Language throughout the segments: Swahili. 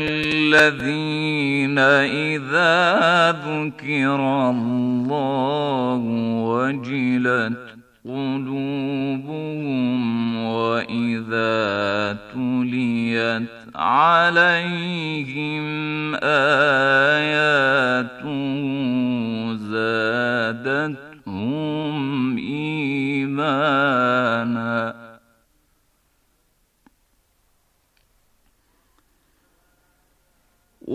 الذين إذا ذكر الله وجلت قلوبهم وإذا تليت عليهم آياته زادتهم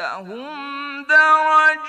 لهم درجات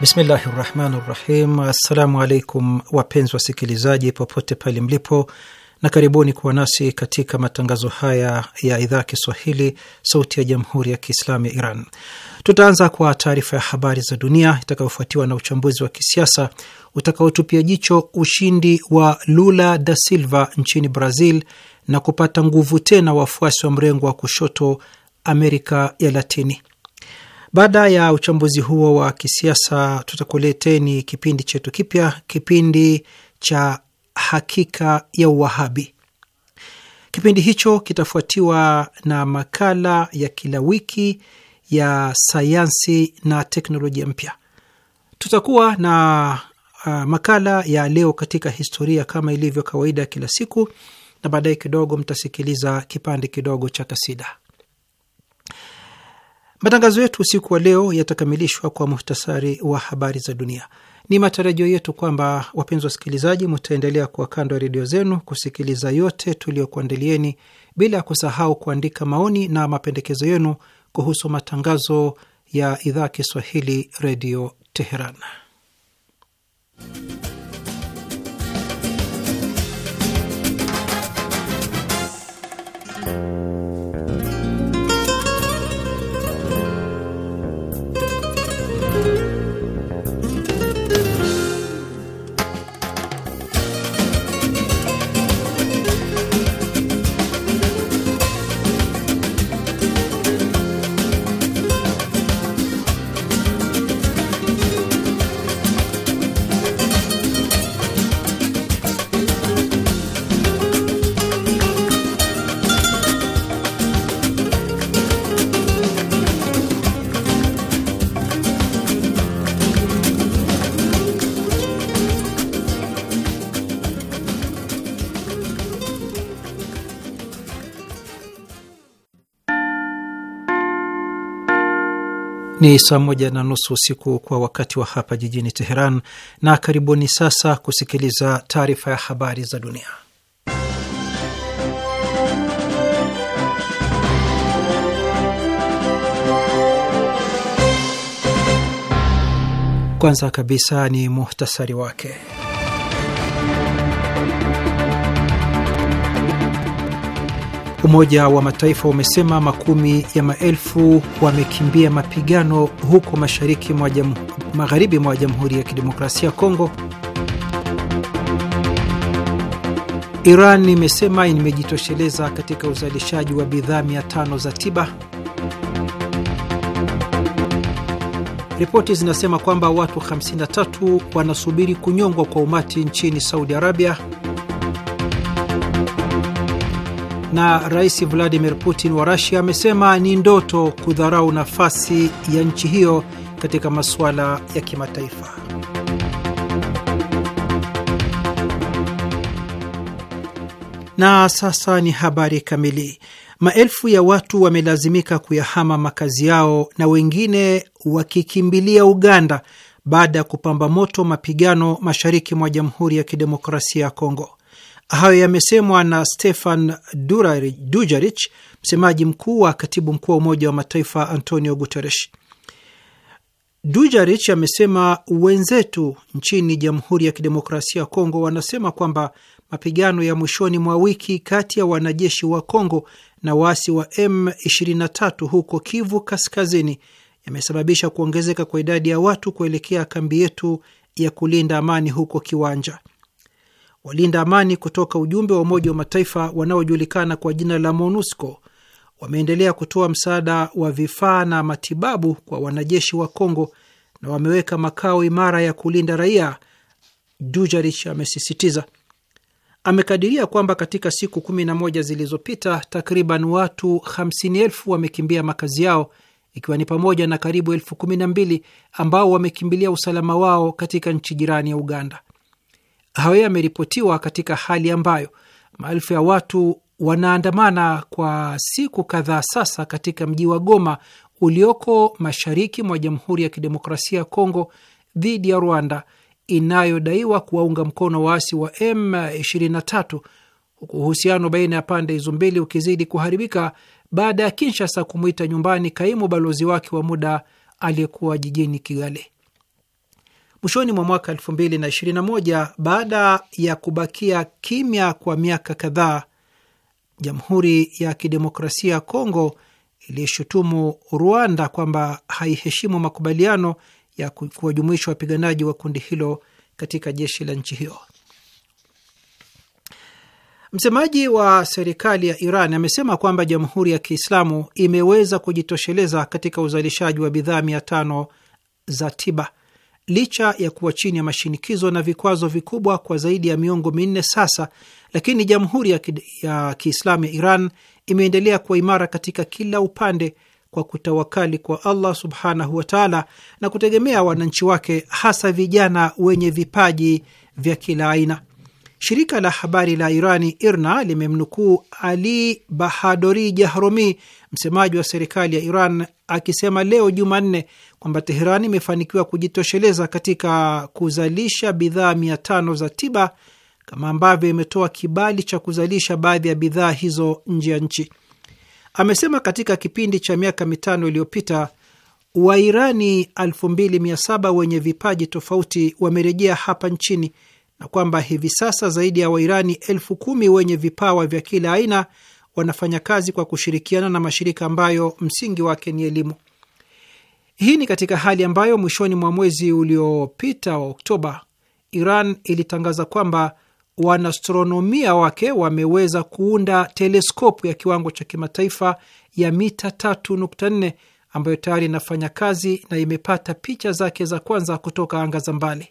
Bismillahi rahmani rahim. Assalamu alaikum wapenzi wasikilizaji popote pale mlipo, na karibuni kuwa nasi katika matangazo haya ya idhaa Kiswahili sauti ya jamhuri ya Kiislamu ya Iran. Tutaanza kwa taarifa ya habari za dunia itakayofuatiwa na uchambuzi wa kisiasa utakaotupia jicho ushindi wa Lula da Silva nchini Brazil na kupata nguvu tena wafuasi wa mrengo wa kushoto Amerika ya Latini. Baada ya uchambuzi huo wa kisiasa, tutakuleteni kipindi chetu kipya, kipindi cha Hakika ya Uwahabi. Kipindi hicho kitafuatiwa na makala ya kila wiki ya sayansi na teknolojia mpya. Tutakuwa na uh, makala ya leo katika historia kama ilivyo kawaida kila siku, na baadaye kidogo mtasikiliza kipande kidogo cha kasida. Matangazo yetu usiku wa leo yatakamilishwa kwa muhtasari wa habari za dunia. Ni matarajio yetu kwamba wapenzi wasikilizaji, mutaendelea kuwa kando ya redio zenu kusikiliza yote tuliyokuandalieni, bila ya kusahau kuandika maoni na mapendekezo yenu kuhusu matangazo ya idhaa Kiswahili redio Teheran. Ni saa moja na nusu usiku kwa wakati wa hapa jijini Teheran, na karibuni sasa kusikiliza taarifa ya habari za dunia. Kwanza kabisa ni muhtasari wake. Umoja wa Mataifa umesema makumi ya maelfu wamekimbia mapigano huko mashariki mwa magharibi mwa Jamhuri ya Kidemokrasia ya Kongo. Iran imesema imejitosheleza katika uzalishaji wa bidhaa tano za tiba. Ripoti zinasema kwamba watu 53 wanasubiri kunyongwa kwa umati nchini Saudi Arabia na Rais Vladimir Putin wa rusia amesema ni ndoto kudharau nafasi ya nchi hiyo katika masuala ya kimataifa. Na sasa ni habari kamili. Maelfu ya watu wamelazimika kuyahama makazi yao na wengine wakikimbilia Uganda baada ya kupamba moto mapigano mashariki mwa Jamhuri ya Kidemokrasia ya Kongo. Hayo yamesemwa na Stefan Dujarric, msemaji mkuu wa katibu mkuu wa Umoja wa Mataifa Antonio Guterres. Dujarric amesema wenzetu nchini Jamhuri ya Kidemokrasia ya Kongo wanasema kwamba mapigano ya mwishoni mwa wiki kati ya wanajeshi wa Kongo na waasi wa M23 huko Kivu Kaskazini yamesababisha kuongezeka kwa idadi ya watu kuelekea kambi yetu ya kulinda amani huko Kiwanja. Walinda amani kutoka ujumbe wa Umoja wa Mataifa wanaojulikana kwa jina la MONUSCO wameendelea kutoa msaada wa vifaa na matibabu kwa wanajeshi wa Kongo na wameweka makao imara ya kulinda raia, Dujarich amesisitiza. Amekadiria kwamba katika siku kumi na moja zilizopita takriban watu hamsini elfu wamekimbia makazi yao ikiwa ni pamoja na karibu elfu kumi na mbili ambao wamekimbilia usalama wao katika nchi jirani ya Uganda. Hayo yameripotiwa katika hali ambayo maelfu ya watu wanaandamana kwa siku kadhaa sasa katika mji wa Goma ulioko mashariki mwa Jamhuri ya Kidemokrasia ya Kongo dhidi ya Rwanda inayodaiwa kuwaunga mkono waasi wa M23 huku uhusiano baina ya pande hizo mbili ukizidi kuharibika baada ya Kinshasa kumwita nyumbani kaimu balozi wake wa muda aliyekuwa jijini Kigali. Mwishoni mwa mwaka 2021 baada ya kubakia kimya kwa miaka kadhaa, Jamhuri ya Kidemokrasia ya Kongo ilishutumu Rwanda kwamba haiheshimu makubaliano ya kuwajumuisha wapiganaji wa kundi hilo katika jeshi la nchi hiyo. Msemaji wa serikali ya Iran amesema kwamba Jamhuri ya Kiislamu imeweza kujitosheleza katika uzalishaji wa bidhaa mia tano za tiba licha ya kuwa chini ya mashinikizo na vikwazo vikubwa kwa zaidi ya miongo minne sasa, lakini Jamhuri ya Kiislamu ya Iran imeendelea kuwa imara katika kila upande kwa kutawakali kwa Allah subhanahu wa taala na kutegemea wananchi wake, hasa vijana wenye vipaji vya kila aina. Shirika la habari la Irani IRNA limemnukuu Ali Bahadori Jahromi, msemaji wa serikali ya Iran, akisema leo Jumanne kwamba Teherani imefanikiwa kujitosheleza katika kuzalisha bidhaa mia tano za tiba kama ambavyo imetoa kibali cha kuzalisha baadhi ya bidhaa hizo nje ya nchi. Amesema katika kipindi cha miaka mitano iliyopita Wairani 2700 wenye vipaji tofauti wamerejea hapa nchini na kwamba hivi sasa zaidi ya Wairani elfu kumi wenye vipawa vya kila aina wanafanya kazi kwa kushirikiana na mashirika ambayo msingi wake ni elimu. Hii ni katika hali ambayo mwishoni mwa mwezi uliopita wa Oktoba, Iran ilitangaza kwamba wanastronomia wake wameweza kuunda teleskopu ya kiwango cha kimataifa ya mita 3.4 ambayo tayari inafanya kazi na imepata picha zake za kwanza kutoka anga za mbali.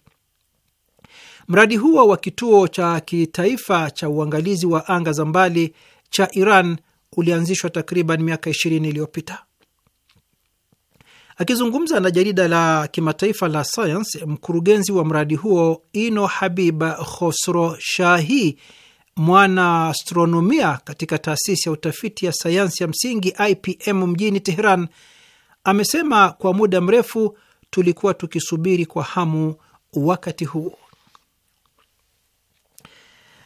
Mradi huo wa kituo cha kitaifa cha uangalizi wa anga za mbali cha Iran ulianzishwa takriban miaka 20 iliyopita. Akizungumza na jarida la kimataifa la Science, mkurugenzi wa mradi huo Ino Habib Khosro Shahi, mwana astronomia katika taasisi ya utafiti ya sayansi ya msingi IPM mjini Teheran, amesema kwa muda mrefu tulikuwa tukisubiri kwa hamu wakati huo.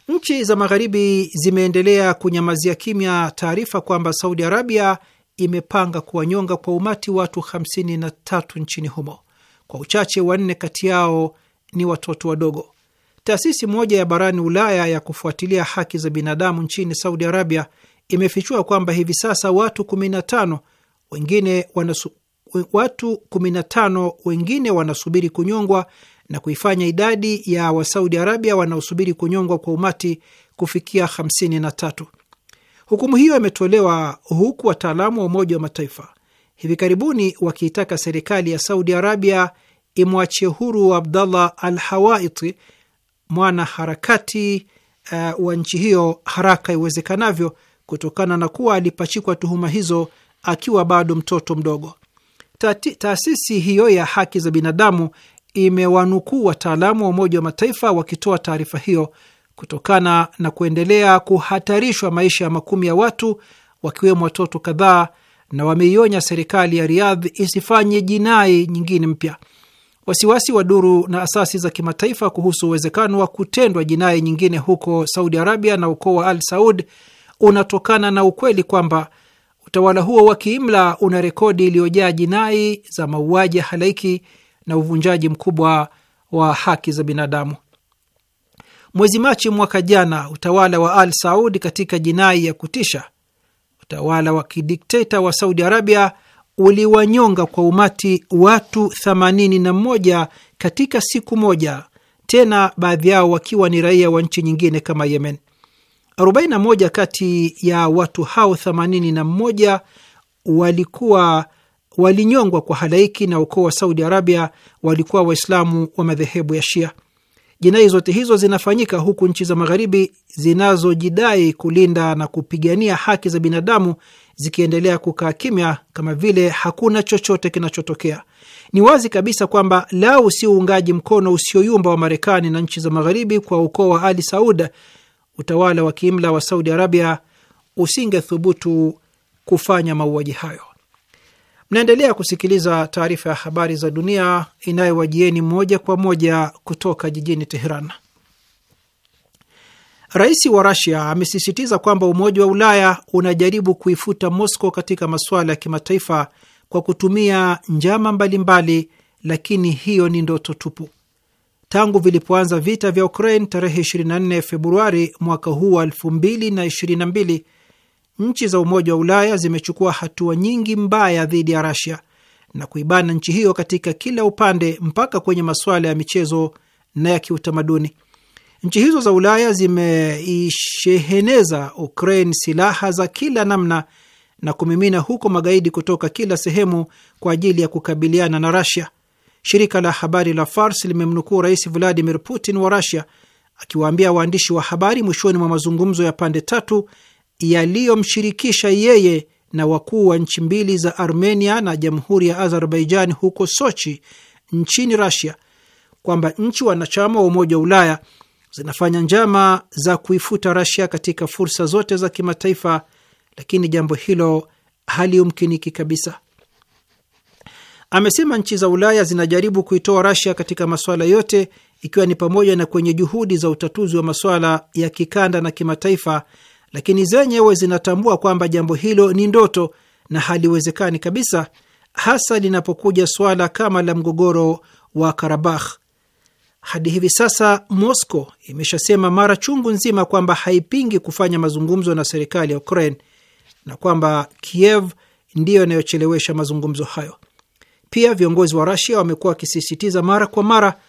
Nchi za Magharibi zimeendelea kunyamazia kimya taarifa kwamba Saudi Arabia imepanga kuwanyonga kwa umati watu 53 nchini humo, kwa uchache wanne kati yao ni watoto wadogo. Taasisi moja ya barani Ulaya ya kufuatilia haki za binadamu nchini Saudi Arabia imefichua kwamba hivi sasa watu 15 wengine wanasu, watu 15 wengine wanasubiri kunyongwa na kuifanya idadi ya Wasaudi Arabia wanaosubiri kunyongwa kwa umati kufikia 53. Hukumu hiyo imetolewa huku wataalamu wa Umoja wa Mataifa hivi karibuni wakiitaka serikali ya Saudi Arabia imwachie huru Abdallah Al Hawaiti, mwana harakati uh, wa nchi hiyo haraka iwezekanavyo, kutokana na kuwa alipachikwa tuhuma hizo akiwa bado mtoto mdogo. Taasisi hiyo ya haki za binadamu imewanukuu wataalamu wa Umoja wa Mataifa wakitoa taarifa hiyo kutokana na kuendelea kuhatarishwa maisha ya makumi ya watu wakiwemo watoto kadhaa, na wameionya serikali ya riadh isifanye jinai nyingine mpya. Wasiwasi wa duru na asasi za kimataifa kuhusu uwezekano wa kutendwa jinai nyingine huko Saudi Arabia na ukoo wa Al Saud unatokana na ukweli kwamba utawala huo wa kiimla una rekodi iliyojaa jinai za mauaji ya halaiki na uvunjaji mkubwa wa haki za binadamu. Mwezi Machi mwaka jana, utawala wa Al Saudi katika jinai ya kutisha, utawala wa kidikteta wa Saudi Arabia uliwanyonga kwa umati watu 81 katika siku moja, tena baadhi yao wakiwa ni raia wa nchi nyingine kama Yemen. 41 kati ya watu hao 81 walikuwa walinyongwa kwa halaiki na ukoo wa Saudi Arabia walikuwa Waislamu wa madhehebu ya Shia. Jinai zote hizo zinafanyika huku nchi za Magharibi zinazojidai kulinda na kupigania haki za binadamu zikiendelea kukaa kimya kama vile hakuna chochote kinachotokea. Ni wazi kabisa kwamba lau si uungaji mkono usioyumba wa Marekani na nchi za Magharibi kwa ukoo wa Ali Saud, utawala wa kiimla wa Saudi Arabia usingethubutu kufanya mauaji hayo. Mnaendelea kusikiliza taarifa ya habari za dunia inayowajieni moja kwa moja kutoka jijini Teheran. Rais wa Rasia amesisitiza kwamba Umoja wa Ulaya unajaribu kuifuta Moscow katika masuala ya kimataifa kwa kutumia njama mbalimbali mbali, lakini hiyo ni ndoto tupu. Tangu vilipoanza vita vya Ukraine tarehe 24 Februari mwaka huu wa 2022 nchi za Umoja wa Ulaya zimechukua hatua nyingi mbaya dhidi ya Rasia na kuibana nchi hiyo katika kila upande mpaka kwenye masuala ya michezo na ya kiutamaduni. Nchi hizo za Ulaya zimeisheheneza Ukraine silaha za kila namna na kumimina huko magaidi kutoka kila sehemu kwa ajili ya kukabiliana na Rasia. Shirika la habari la Fars limemnukuu Rais Vladimir Putin wa Rasia akiwaambia waandishi wa habari mwishoni mwa mazungumzo ya pande tatu yaliyomshirikisha yeye na wakuu wa nchi mbili za Armenia na jamhuri ya Azerbaijan huko Sochi nchini Russia kwamba nchi wanachama wa Umoja wa Ulaya zinafanya njama za kuifuta Russia katika fursa zote za kimataifa, lakini jambo hilo haliumkiniki kabisa. Amesema nchi za Ulaya zinajaribu kuitoa Russia katika masuala yote, ikiwa ni pamoja na kwenye juhudi za utatuzi wa masuala ya kikanda na kimataifa lakini zenyewe zinatambua kwamba jambo hilo ni ndoto na haliwezekani kabisa, hasa linapokuja suala kama la mgogoro wa Karabakh. Hadi hivi sasa Moscow imeshasema mara chungu nzima kwamba haipingi kufanya mazungumzo na serikali ya Ukraine na kwamba Kiev ndiyo inayochelewesha mazungumzo hayo. Pia viongozi wa rasia wamekuwa wakisisitiza mara kwa mara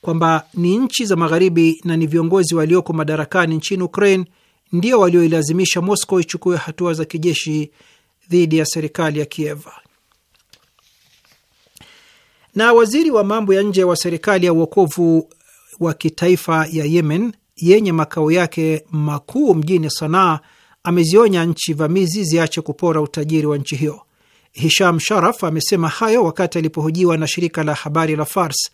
kwamba ni nchi za Magharibi na ni viongozi walioko madarakani nchini Ukraine ndio walioilazimisha Moscow ichukue hatua za kijeshi dhidi ya serikali ya Kiev. Na waziri wa mambo ya nje wa serikali ya uokovu wa kitaifa ya Yemen yenye makao yake makuu mjini Sanaa amezionya nchi vamizi ziache kupora utajiri wa nchi hiyo. Hisham Sharaf amesema hayo wakati alipohojiwa na shirika la habari la Fars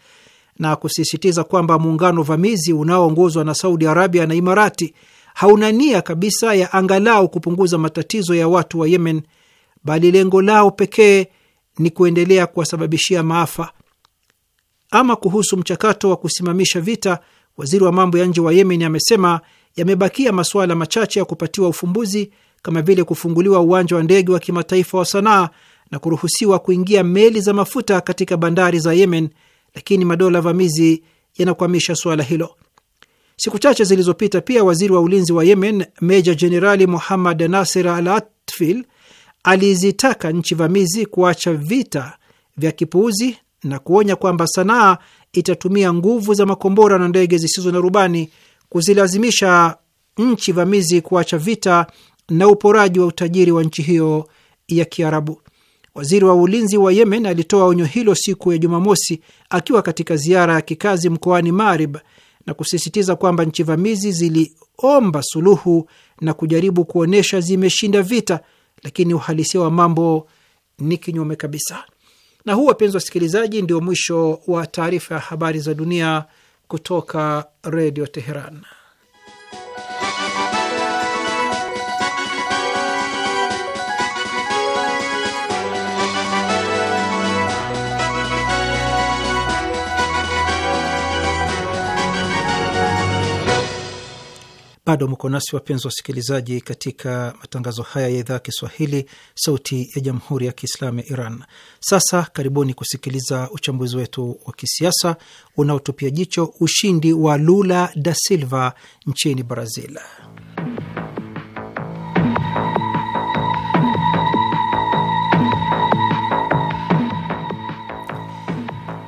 na kusisitiza kwamba muungano vamizi unaoongozwa na Saudi Arabia na Imarati hauna nia kabisa ya angalau kupunguza matatizo ya watu wa Yemen, bali lengo lao pekee ni kuendelea kuwasababishia maafa. Ama kuhusu mchakato wa kusimamisha vita, waziri wa mambo ya nje wa Yemen amesema yamebakia masuala machache ya kupatiwa ufumbuzi kama vile kufunguliwa uwanja wa ndege wa kimataifa wa Sanaa na kuruhusiwa kuingia meli za mafuta katika bandari za Yemen, lakini madola vamizi yanakwamisha suala hilo. Siku chache zilizopita pia waziri wa ulinzi wa Yemen meja jenerali Muhammad Nasir Al Atfil alizitaka nchi vamizi kuacha vita vya kipuuzi na kuonya kwamba Sanaa itatumia nguvu za makombora na ndege zisizo na rubani kuzilazimisha nchi vamizi kuacha vita na uporaji wa utajiri wa nchi hiyo ya Kiarabu. Waziri wa ulinzi wa Yemen alitoa onyo hilo siku ya Jumamosi akiwa katika ziara ya kikazi mkoani Marib na kusisitiza kwamba nchi vamizi ziliomba suluhu na kujaribu kuonyesha zimeshinda vita, lakini uhalisia wa mambo ni kinyume kabisa. Na huu, wapenzi wasikilizaji, ndio mwisho wa taarifa ya habari za dunia kutoka Redio Teheran. Bado mko nasi wapenzi wasikilizaji, katika matangazo haya ya idhaa ya Kiswahili, sauti ya jamhuri ya kiislamu ya Iran. Sasa karibuni kusikiliza uchambuzi wetu wa kisiasa unaotupia jicho ushindi wa Lula da Silva nchini Brazil.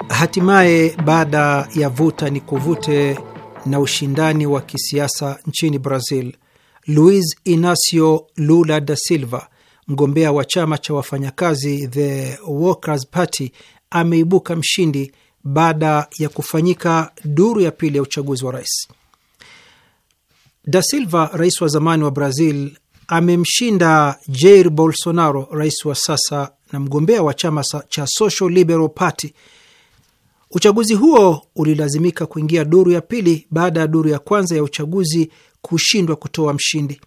Hatimaye, baada ya vuta ni kuvute na ushindani wa kisiasa nchini Brazil, Luiz Inacio Lula da Silva, mgombea wa chama cha wafanyakazi the Workers Party, ameibuka mshindi baada ya kufanyika duru ya pili ya uchaguzi wa rais. Da Silva, rais wa zamani wa Brazil, amemshinda Jair Bolsonaro, rais wa sasa na mgombea wa chama cha Social Liberal Party Uchaguzi huo ulilazimika kuingia duru ya pili baada ya duru ya kwanza ya uchaguzi kushindwa kutoa mshindi.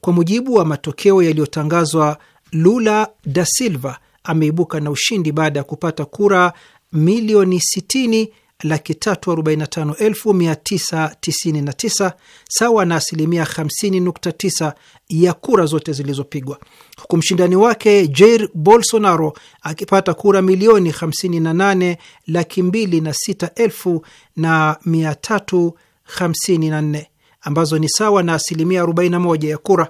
Kwa mujibu wa matokeo yaliyotangazwa, Lula da Silva ameibuka na ushindi baada ya kupata kura milioni sitini 345,999 sawa na asilimia 59 ya kura zote zilizopigwa, huku mshindani wake Jair Bolsonaro akipata kura milioni 58 laki mbili na sita elfu na ambazo ni sawa na asilimia 41 ya kura.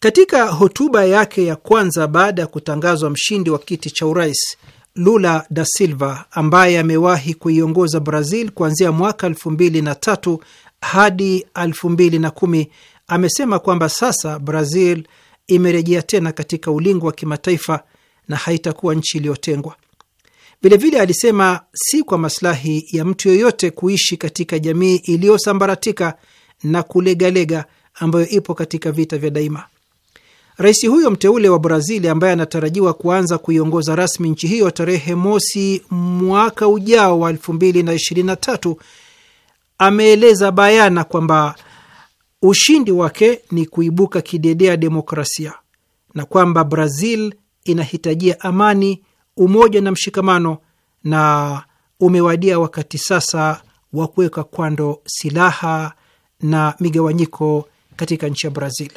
Katika hotuba yake ya kwanza baada ya kutangazwa mshindi wa kiti cha urais, Lula da Silva ambaye amewahi kuiongoza Brazil kuanzia mwaka 2003 hadi 21 amesema kwamba sasa Brazil imerejea tena katika ulingo wa kimataifa na haitakuwa nchi iliyotengwa. Vilevile alisema si kwa masilahi ya mtu yoyote kuishi katika jamii iliyosambaratika na kulegalega ambayo ipo katika vita vya daima. Rais huyo mteule wa Brazil ambaye anatarajiwa kuanza kuiongoza rasmi nchi hiyo tarehe mosi mwaka ujao wa 2023 ameeleza bayana kwamba ushindi wake ni kuibuka kidedea demokrasia na kwamba Brazil inahitajia amani, umoja na mshikamano, na umewadia wakati sasa wa kuweka kwando silaha na migawanyiko katika nchi ya Brazil.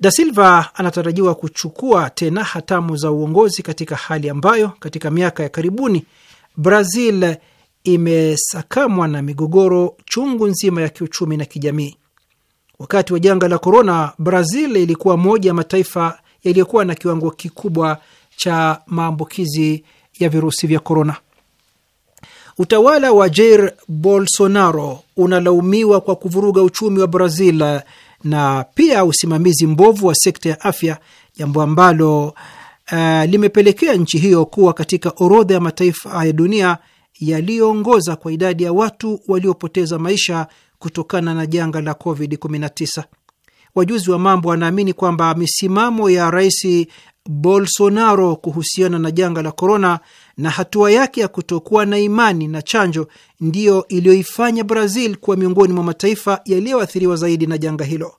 Da Silva anatarajiwa kuchukua tena hatamu za uongozi katika hali ambayo katika miaka ya karibuni Brazil imesakamwa na migogoro chungu nzima ya kiuchumi na kijamii. Wakati wa janga la korona, Brazil ilikuwa moja ya mataifa yaliyokuwa na kiwango kikubwa cha maambukizi ya virusi vya korona. Utawala wa Jair Bolsonaro unalaumiwa kwa kuvuruga uchumi wa Brazil na pia usimamizi mbovu wa sekta ya afya, jambo ambalo uh, limepelekea nchi hiyo kuwa katika orodha ya mataifa ya dunia yaliyoongoza kwa idadi ya watu waliopoteza maisha kutokana na janga la COVID-19. Wajuzi wa mambo wanaamini kwamba misimamo ya Rais Bolsonaro kuhusiana na janga la korona na hatua yake ya kutokuwa na imani na chanjo ndiyo iliyoifanya Brazil kuwa miongoni mwa mataifa yaliyoathiriwa zaidi na janga hilo.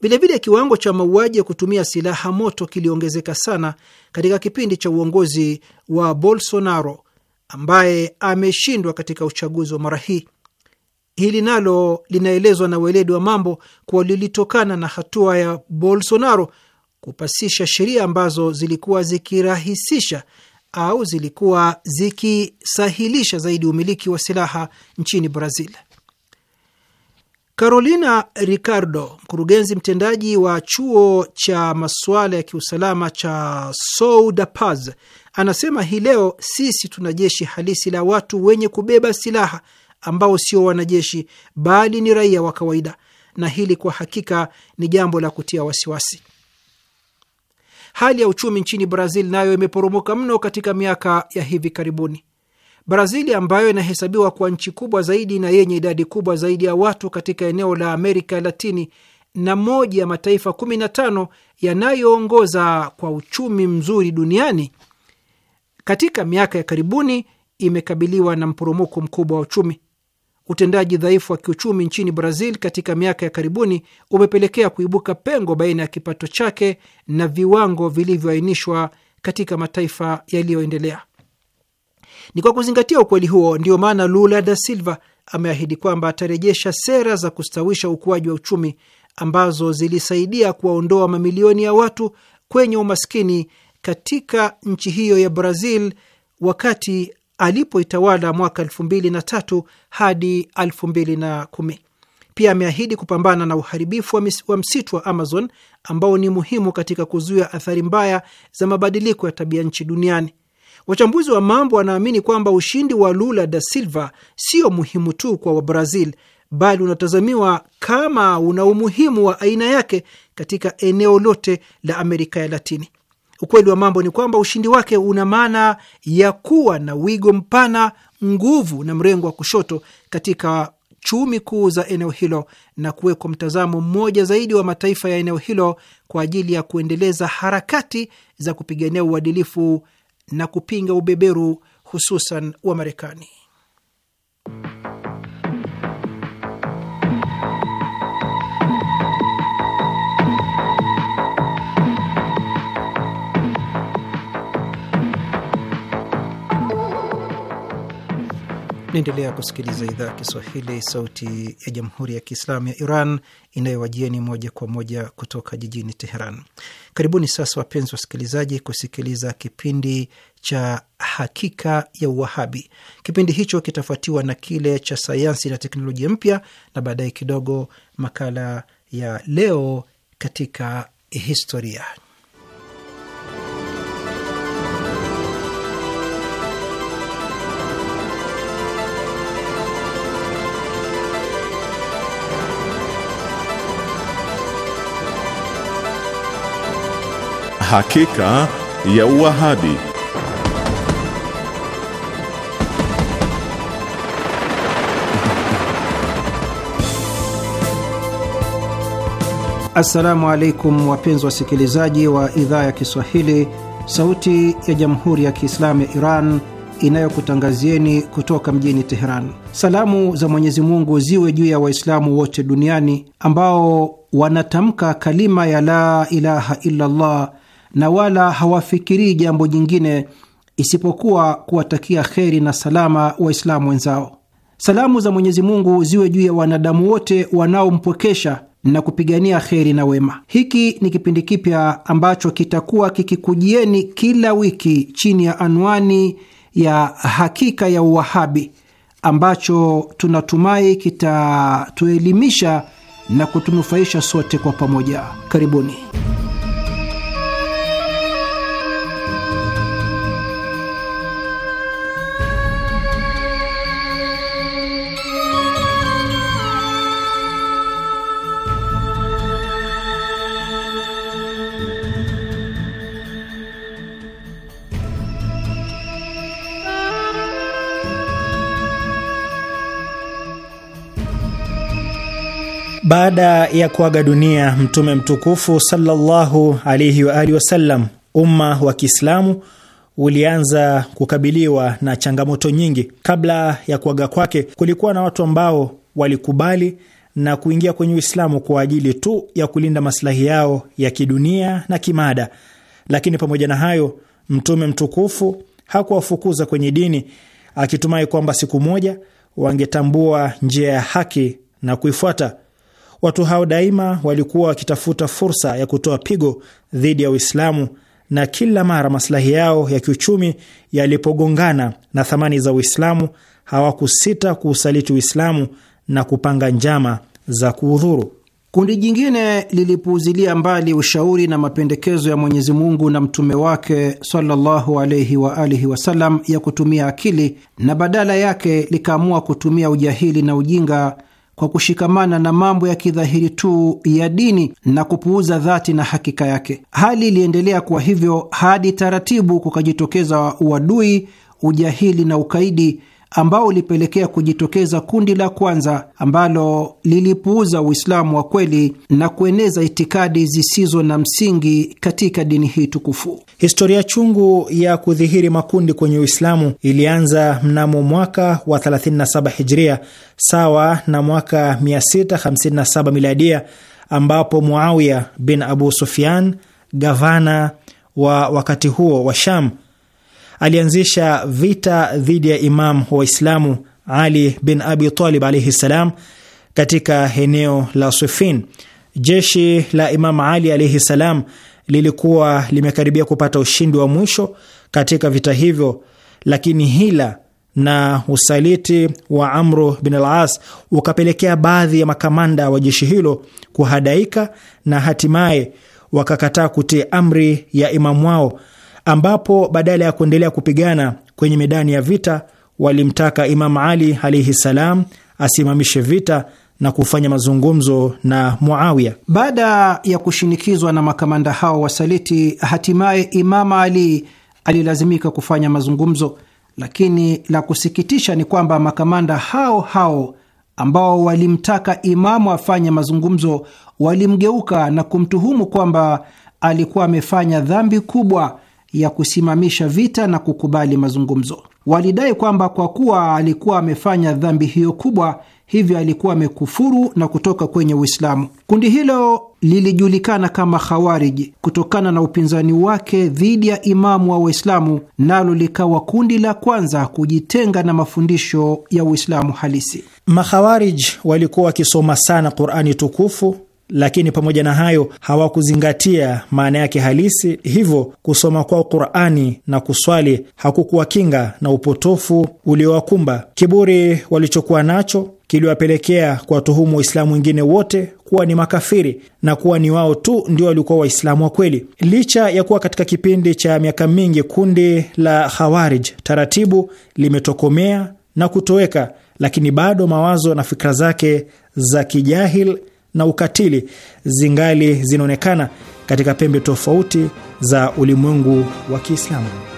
Vilevile, kiwango cha mauaji ya kutumia silaha moto kiliongezeka sana katika kipindi cha uongozi wa Bolsonaro ambaye ameshindwa katika uchaguzi wa mara hii. Hili nalo linaelezwa na weledi wa mambo kuwa lilitokana na hatua ya Bolsonaro kupasisha sheria ambazo zilikuwa zikirahisisha au zilikuwa zikisahilisha zaidi umiliki wa silaha nchini Brazil. Carolina Ricardo, mkurugenzi mtendaji wa chuo cha masuala ya kiusalama cha Soudapaz, Paz, anasema hii leo sisi tuna jeshi halisi la watu wenye kubeba silaha ambao sio wanajeshi bali ni raia wa kawaida, na hili kwa hakika ni jambo la kutia wasiwasi. Hali ya uchumi nchini Brazil nayo imeporomoka mno katika miaka ya hivi karibuni. Brazil ambayo inahesabiwa kwa nchi kubwa zaidi na yenye idadi kubwa zaidi ya watu katika eneo la Amerika Latini na moja ya mataifa 15 yanayoongoza kwa uchumi mzuri duniani, katika miaka ya karibuni imekabiliwa na mporomoko mkubwa wa uchumi utendaji dhaifu wa kiuchumi nchini Brazil katika miaka ya karibuni umepelekea kuibuka pengo baina ya kipato chake na viwango vilivyoainishwa katika mataifa yaliyoendelea. Ni kwa kuzingatia ukweli huo ndiyo maana Lula da Silva ameahidi kwamba atarejesha sera za kustawisha ukuaji wa uchumi ambazo zilisaidia kuwaondoa mamilioni ya watu kwenye umaskini katika nchi hiyo ya Brazil wakati alipoitawala mwaka 2 hadi 21 Pia ameahidi kupambana na uharibifu wa msitu wa Amazon ambao ni muhimu katika kuzuia athari mbaya za mabadiliko ya tabia nchi duniani. Wachambuzi wa mambo wanaamini kwamba ushindi wa Lula da Silva sio muhimu tu kwa Wabrazil bali unatazamiwa kama una umuhimu wa aina yake katika eneo lote la Amerika ya Latini. Ukweli wa mambo ni kwamba ushindi wake una maana ya kuwa na wigo mpana, nguvu na mrengo wa kushoto katika chumi kuu za eneo hilo na kuwekwa mtazamo mmoja zaidi wa mataifa ya eneo hilo kwa ajili ya kuendeleza harakati za kupigania uadilifu na kupinga ubeberu hususan wa Marekani. Naendelea kusikiliza idhaa ya Kiswahili, sauti ya jamhuri ya kiislamu ya Iran inayowajieni moja kwa moja kutoka jijini Teheran. Karibuni sasa, wapenzi wasikilizaji, kusikiliza kipindi cha Hakika ya Uwahabi. Kipindi hicho kitafuatiwa na kile cha sayansi na teknolojia mpya, na baadaye kidogo makala ya leo katika historia. Hakika ya uahadi Assalamu alaikum wapenzi wasikilizaji wa idhaa ya Kiswahili, Sauti ya Jamhuri ya Kiislamu ya Iran inayokutangazieni kutoka mjini Teheran. Salamu za Mwenyezi Mungu ziwe juu ya Waislamu wote duniani ambao wanatamka kalima ya la ilaha illallah na wala hawafikirii jambo jingine isipokuwa kuwatakia kheri na salama Waislamu wenzao. Salamu za Mwenyezi Mungu ziwe juu ya wanadamu wote wanaompokesha na kupigania kheri na wema. Hiki ni kipindi kipya ambacho kitakuwa kikikujieni kila wiki chini ya anwani ya Hakika ya Uwahabi, ambacho tunatumai kitatuelimisha na kutunufaisha sote kwa pamoja. Karibuni. Baada ya kuaga dunia Mtume mtukufu sallallahu alaihi wa alihi wasallam, umma wa Kiislamu ulianza kukabiliwa na changamoto nyingi. Kabla ya kuaga kwake, kulikuwa na watu ambao walikubali na kuingia kwenye Uislamu kwa ajili tu ya kulinda maslahi yao ya kidunia na kimada, lakini pamoja na hayo, Mtume mtukufu hakuwafukuza kwenye dini, akitumai kwamba siku moja wangetambua njia ya haki na kuifuata. Watu hao daima walikuwa wakitafuta fursa ya kutoa pigo dhidi ya Uislamu na kila mara maslahi yao ya kiuchumi yalipogongana na thamani za Uislamu hawakusita kuusaliti Uislamu na kupanga njama za kuudhuru. Kundi jingine lilipuuzilia mbali ushauri na mapendekezo ya Mwenyezi Mungu na mtume wake sallallahu alayhi wa alihi wasallam ya kutumia akili na badala yake likaamua kutumia ujahili na ujinga kwa kushikamana na mambo ya kidhahiri tu ya dini na kupuuza dhati na hakika yake. Hali iliendelea kuwa hivyo hadi taratibu kukajitokeza uadui, ujahili na ukaidi ambao ulipelekea kujitokeza kundi la kwanza ambalo lilipuuza Uislamu wa kweli na kueneza itikadi zisizo na msingi katika dini hii tukufu. Historia chungu ya kudhihiri makundi kwenye Uislamu ilianza mnamo mwaka wa 37 Hijria, sawa na mwaka 657 Miladia, ambapo Muawiya bin Abu Sufyan, gavana wa wakati huo wa Sham alianzisha vita dhidi ya Imam wa Waislamu Ali bin Abi Talib alaihi ssalam katika eneo la Sufin. Jeshi la Imam Ali alaihi ssalam lilikuwa limekaribia kupata ushindi wa mwisho katika vita hivyo, lakini hila na usaliti wa Amru bin al-As ukapelekea baadhi ya makamanda wa jeshi hilo kuhadaika na hatimaye wakakataa kutii amri ya imamu wao ambapo badala ya kuendelea kupigana kwenye medani ya vita walimtaka Imam Ali alaihi salam asimamishe vita na kufanya mazungumzo na Muawiya. Baada ya kushinikizwa na makamanda hao wasaliti, hatimaye Imam Ali alilazimika kufanya mazungumzo, lakini la kusikitisha ni kwamba makamanda hao hao ambao walimtaka Imamu afanye mazungumzo walimgeuka na kumtuhumu kwamba alikuwa amefanya dhambi kubwa ya kusimamisha vita na kukubali mazungumzo. Walidai kwamba kwa kuwa alikuwa amefanya dhambi hiyo kubwa, hivyo alikuwa amekufuru na kutoka kwenye Uislamu. Kundi hilo lilijulikana kama Khawariji kutokana na upinzani wake dhidi ya imamu wa Waislamu, nalo likawa kundi la kwanza kujitenga na mafundisho ya Uislamu halisi. Makhawarij walikuwa wakisoma sana Qurani tukufu lakini pamoja na hayo hawakuzingatia maana yake halisi, hivyo kusoma kwao Qur'ani na kuswali hakukuwa kinga na upotofu uliowakumba. Kiburi walichokuwa nacho kiliwapelekea kuwatuhumu Waislamu wengine wote kuwa ni makafiri na kuwa ni wao tu ndio walikuwa Waislamu wa kweli, licha ya kuwa katika kipindi cha miaka mingi kundi la Khawarij taratibu limetokomea na kutoweka, lakini bado mawazo na fikra zake za kijahil na ukatili zingali zinaonekana katika pembe tofauti za ulimwengu wa Kiislamu.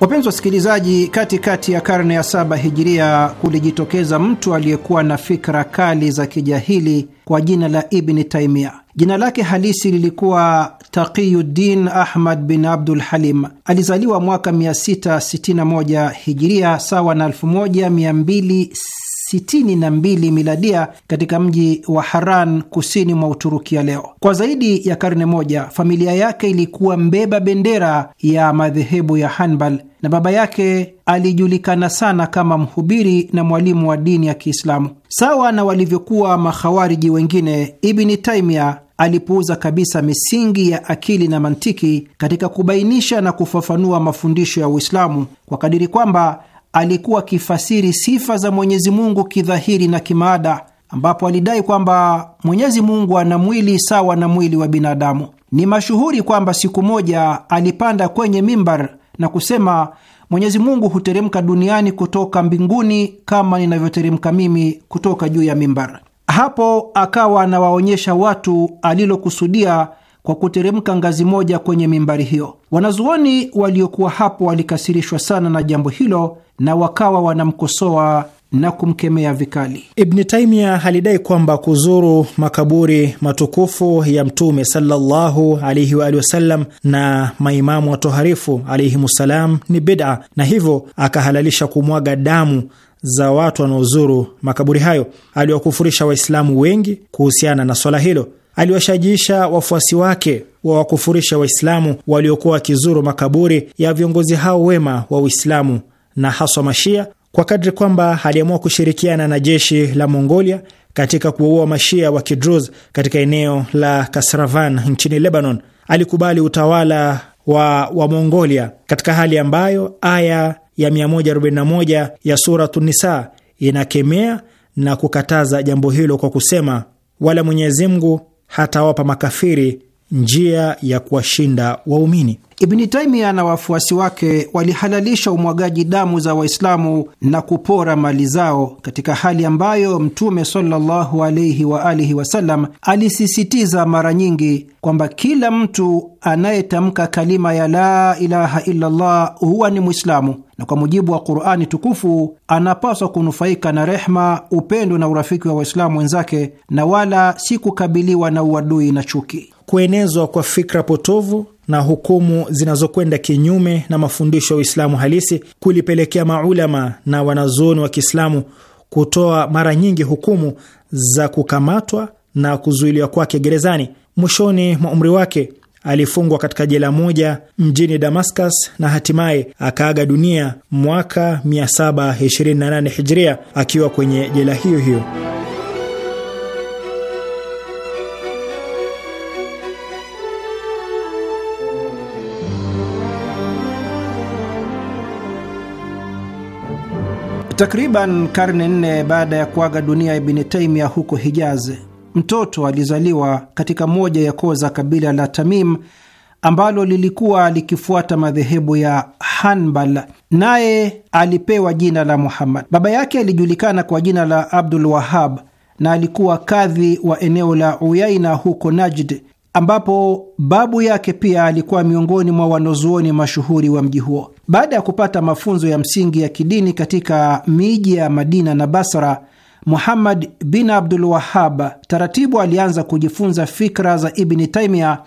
Wapenzi wasikilizaji, kati kati ya karne ya saba hijiria kulijitokeza mtu aliyekuwa na fikra kali za kijahili kwa jina la Ibni Taimia. Jina lake halisi lilikuwa Taqiyuddin Ahmad bin Abdul Halim. Alizaliwa mwaka 661 hijiria sawa na 62 miladia katika mji wa Haran kusini mwa uturuki ya leo. Kwa zaidi ya karne moja, familia yake ilikuwa mbeba bendera ya madhehebu ya Hanbal na baba yake alijulikana sana kama mhubiri na mwalimu wa dini ya Kiislamu. Sawa na walivyokuwa makhawariji wengine, Ibni Taimia alipuuza kabisa misingi ya akili na mantiki katika kubainisha na kufafanua mafundisho ya Uislamu kwa kadiri kwamba alikuwa akifasiri sifa za Mwenyezi Mungu kidhahiri na kimaada, ambapo alidai kwamba Mwenyezi Mungu ana mwili sawa na mwili wa binadamu. Ni mashuhuri kwamba siku moja alipanda kwenye mimbar na kusema, Mwenyezi Mungu huteremka duniani kutoka mbinguni kama ninavyoteremka mimi kutoka juu ya mimbar. Hapo akawa anawaonyesha watu alilokusudia kwa kuteremka ngazi moja kwenye mimbari hiyo. Wanazuoni waliokuwa hapo walikasirishwa sana na jambo hilo na wakawa wanamkosoa na kumkemea vikali. Ibni Taimia alidai kwamba kuzuru makaburi matukufu ya Mtume sallallahu alaihi wa alihi wasallam na maimamu watoharifu alaihimussalam ni bid'a, na hivyo akahalalisha kumwaga damu za watu wanaozuru makaburi hayo. Aliwakufurisha Waislamu wengi kuhusiana na swala hilo. Aliwashajiisha wafuasi wake wa wakufurisha Waislamu waliokuwa wakizuru makaburi ya viongozi hao wema wa Uislamu na haswa Mashia kwa kadri kwamba aliamua kushirikiana na jeshi la Mongolia katika kuwaua Mashia wa Kidruz katika eneo la Kasravan nchini Lebanon. Alikubali utawala wa Wamongolia katika hali ambayo aya ya 141 ya Suratu Nisa inakemea na kukataza jambo hilo kwa kusema, wala Mwenyezi Mungu hatawapa makafiri njia ya kuwashinda waumini. Ibni Taimia na wafuasi wake walihalalisha umwagaji damu za Waislamu na kupora mali zao katika hali ambayo Mtume sallallahu alaihi wa alihi wasallam alisisitiza mara nyingi kwamba kila mtu anayetamka kalima ya la ilaha illallah huwa ni Mwislamu, na kwa mujibu wa Qurani tukufu anapaswa kunufaika na rehma, upendo na urafiki wa Waislamu wenzake na wala si kukabiliwa na uadui na chuki kuenezwa kwa fikra potovu na hukumu zinazokwenda kinyume na mafundisho ya Uislamu halisi kulipelekea maulama na wanazuoni wa Kiislamu kutoa mara nyingi hukumu za kukamatwa na kuzuiliwa kwake gerezani. Mwishoni mwa umri wake alifungwa katika jela moja mjini Damascus na hatimaye akaaga dunia mwaka 728 Hijria akiwa kwenye jela hiyo hiyo. Takriban karne nne baada ya kuaga dunia Ibni Taimia huko Hijaz, mtoto alizaliwa katika moja ya koo za kabila la Tamim ambalo lilikuwa likifuata madhehebu ya Hanbal, naye alipewa jina la Muhammad. Baba yake alijulikana kwa jina la Abdul Wahab na alikuwa kadhi wa eneo la Uyaina huko Najd, ambapo babu yake pia alikuwa miongoni mwa wanazuoni mashuhuri wa mji huo. Baada ya kupata mafunzo ya msingi ya kidini katika miji ya Madina na Basra, Muhammad bin Abdul Wahab taratibu alianza kujifunza fikra za Ibni Taimia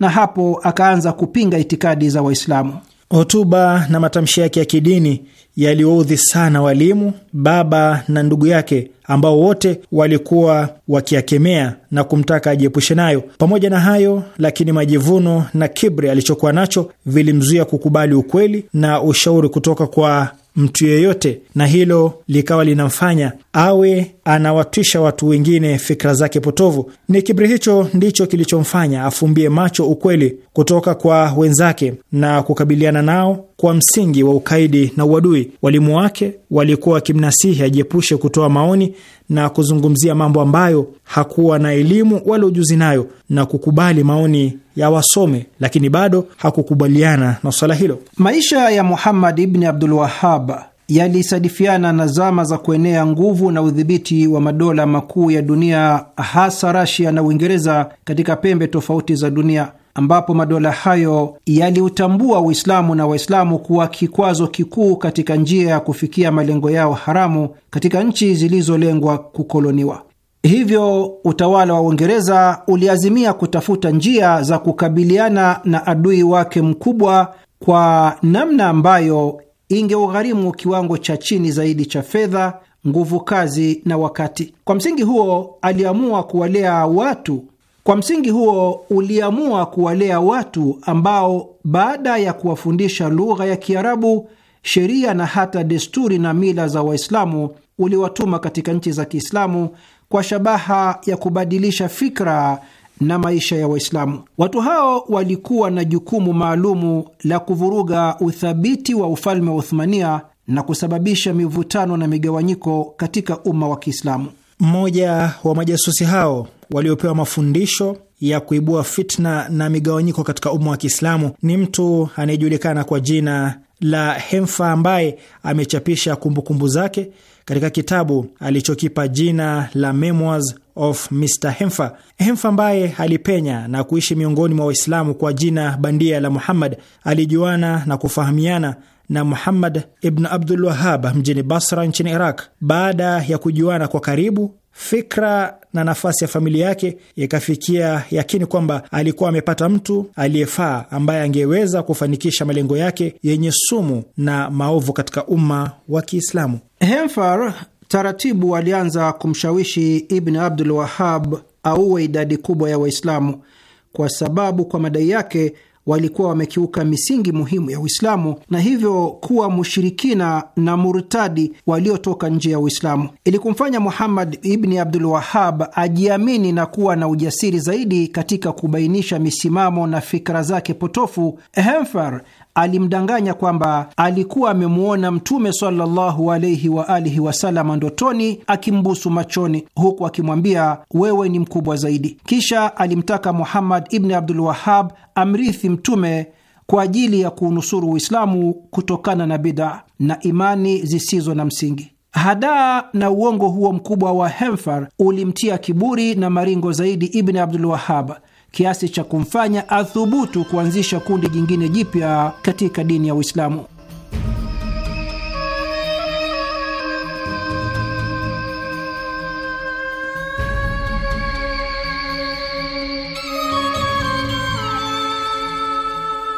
na hapo akaanza kupinga itikadi za Waislamu. Hotuba na matamshi yake ya kidini yaliwaudhi sana walimu, baba na ndugu yake ambao wote walikuwa wakiakemea na kumtaka ajiepushe nayo. Pamoja na hayo lakini, majivuno na kibri alichokuwa nacho vilimzuia kukubali ukweli na ushauri kutoka kwa mtu yeyote, na hilo likawa linamfanya awe anawatwisha watu wengine fikra zake potovu. Ni kiburi hicho ndicho kilichomfanya afumbie macho ukweli kutoka kwa wenzake na kukabiliana nao kwa msingi wa ukaidi na uadui. Walimu wake walikuwa wakimnasihi ajiepushe kutoa maoni na kuzungumzia mambo ambayo hakuwa na elimu wala ujuzi nayo na kukubali maoni ya wasome, lakini bado hakukubaliana na swala hilo. Maisha ya Muhammad ibni Abdul Wahab yalisadifiana na zama za kuenea nguvu na udhibiti wa madola makuu ya dunia hasa Rasia na Uingereza katika pembe tofauti za dunia ambapo madola hayo yaliutambua Uislamu na Waislamu kuwa kikwazo kikuu katika njia ya kufikia malengo yao haramu katika nchi zilizolengwa kukoloniwa. Hivyo utawala wa Uingereza uliazimia kutafuta njia za kukabiliana na adui wake mkubwa kwa namna ambayo ingeugharimu kiwango cha chini zaidi cha fedha, nguvu kazi na wakati. Kwa msingi huo, aliamua kuwalea watu kwa msingi huo uliamua kuwalea watu ambao baada ya kuwafundisha lugha ya Kiarabu, sheria na hata desturi na mila za Waislamu, uliwatuma katika nchi za Kiislamu kwa shabaha ya kubadilisha fikra na maisha ya Waislamu. Watu hao walikuwa na jukumu maalumu la kuvuruga uthabiti wa ufalme wa Uthmania na kusababisha mivutano na migawanyiko katika umma wa Kiislamu. Mmoja wa majasusi hao waliopewa mafundisho ya kuibua fitna na migawanyiko katika umma wa Kiislamu ni mtu anayejulikana kwa jina la Hemfa ambaye amechapisha kumbukumbu zake katika kitabu alichokipa jina la Memoirs of Mr Hemfa. Hemfa ambaye alipenya na kuishi miongoni mwa Waislamu kwa jina bandia la Muhammad alijuana na kufahamiana na Muhammad ibn Abdul Wahab mjini Basra nchini Iraq. Baada ya kujuana kwa karibu, Fikra na nafasi ya familia yake ikafikia yakini kwamba alikuwa amepata mtu aliyefaa ambaye angeweza kufanikisha malengo yake yenye sumu na maovu katika umma wa Kiislamu. Hemfar taratibu alianza kumshawishi Ibn Abdul Wahab auwe idadi kubwa ya Waislamu kwa sababu kwa madai yake walikuwa wamekiuka misingi muhimu ya Uislamu na hivyo kuwa mushirikina na murtadi waliotoka nje ya Uislamu. Ili kumfanya Muhammad ibni Abdul Wahab ajiamini na kuwa na ujasiri zaidi katika kubainisha misimamo na fikra zake potofu, Hemfer alimdanganya kwamba alikuwa amemwona Mtume sallallahu alaihi wa alihi ndotoni akimbusu machoni, huku akimwambia wewe ni mkubwa zaidi. Kisha alimtaka Muhammad ibni Abdul Wahab amrithi Mtume kwa ajili ya kuunusuru Uislamu kutokana na bidaa na imani zisizo na msingi. Hadaa na uongo huo mkubwa wa Hemfar ulimtia kiburi na maringo zaidi Ibni Abdul Wahab kiasi cha kumfanya athubutu kuanzisha kundi jingine jipya katika dini ya Uislamu.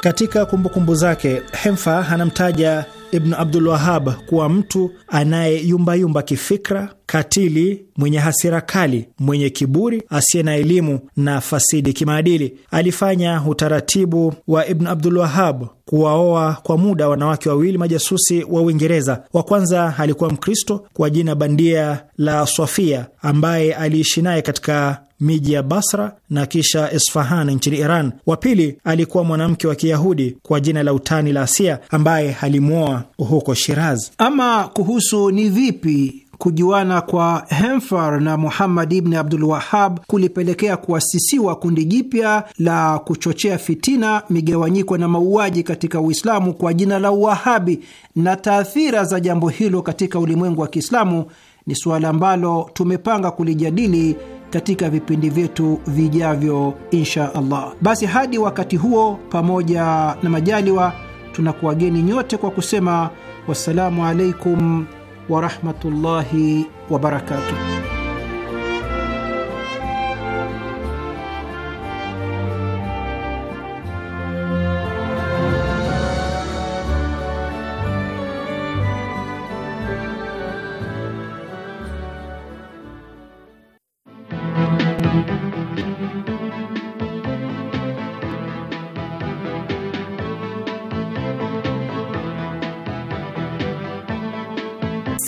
Katika kumbukumbu zake Hemfa anamtaja Ibnu Abdul Wahab kuwa mtu anayeyumbayumba kifikra, katili, mwenye hasira kali, mwenye kiburi, asiye na elimu na fasidi kimaadili. Alifanya utaratibu wa Ibnu Abdul Wahab kuwaoa kwa muda wanawake wawili majasusi wa Uingereza. Wa kwanza alikuwa Mkristo kwa jina bandia la Swafia, ambaye aliishi naye katika miji ya Basra na kisha Esfahan nchini Iran. Wa pili alikuwa mwanamke wa Kiyahudi kwa jina la utani la Asia ambaye alimwoa huko Shiraz. Ama kuhusu ni vipi kujuana kwa Hemfar na Muhammad ibn Abdul Wahab kulipelekea kuasisiwa kundi jipya la kuchochea fitina, migawanyiko na mauaji katika Uislamu kwa jina la Uwahabi na taathira za jambo hilo katika ulimwengu wa Kiislamu ni suala ambalo tumepanga kulijadili katika vipindi vyetu vijavyo, insha Allah. Basi hadi wakati huo, pamoja na majaliwa, tunakuwageni nyote kwa kusema wassalamu alaikum warahmatullahi wabarakatuh.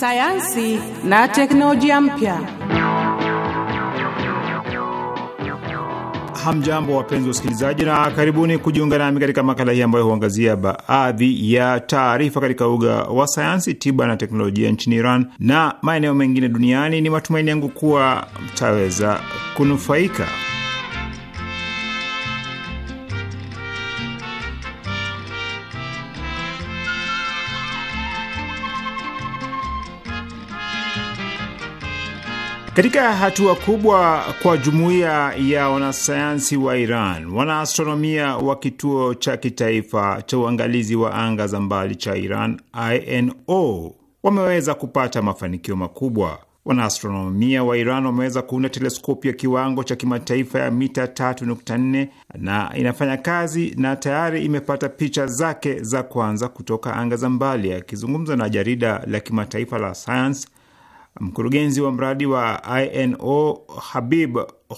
sayansi na teknolojia mpya. Hamjambo, wapenzi wasikilizaji, na karibuni kujiunga nami katika makala hii ambayo huangazia baadhi ya taarifa katika uga wa sayansi, tiba na teknolojia nchini Iran na maeneo mengine duniani. Ni matumaini yangu kuwa mtaweza kunufaika. Katika hatua kubwa kwa jumuiya ya wanasayansi wa Iran, wanaastronomia wa kituo cha kitaifa cha uangalizi wa anga za mbali cha Iran INO wameweza kupata mafanikio makubwa. Wanaastronomia wa Iran wameweza kuunda teleskopu ya kiwango cha kimataifa ya mita 3.4 na inafanya kazi na tayari imepata picha zake za kwanza kutoka anga za mbali. Akizungumza na jarida la kimataifa la Science, Mkurugenzi wa mradi wa INO Habib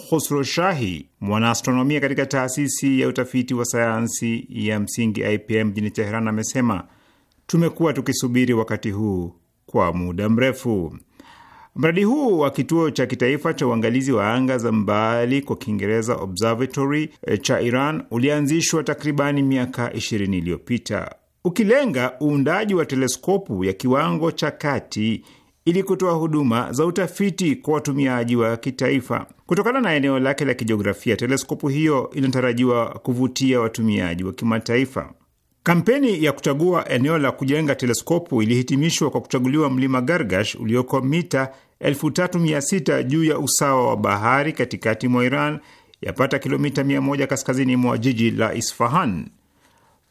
khusroshahi mwanaastronomia katika taasisi ya utafiti wa sayansi ya msingi IPM mjini Teheran, amesema tumekuwa tukisubiri wakati huu kwa muda mrefu. Mradi huu wa kituo cha kitaifa cha uangalizi wa anga za mbali kwa Kiingereza Observatory cha Iran ulianzishwa takribani miaka 20 iliyopita ukilenga uundaji wa teleskopu ya kiwango cha kati ili kutoa huduma za utafiti kwa watumiaji wa kitaifa. Kutokana na eneo lake la kijiografia, teleskopu hiyo inatarajiwa kuvutia watumiaji wa kimataifa. Kampeni ya kuchagua eneo la kujenga teleskopu ilihitimishwa kwa kuchaguliwa mlima Gargash ulioko mita 3600 juu ya usawa wa bahari katikati mwa Iran, yapata kilomita 100 kaskazini mwa jiji la Isfahan.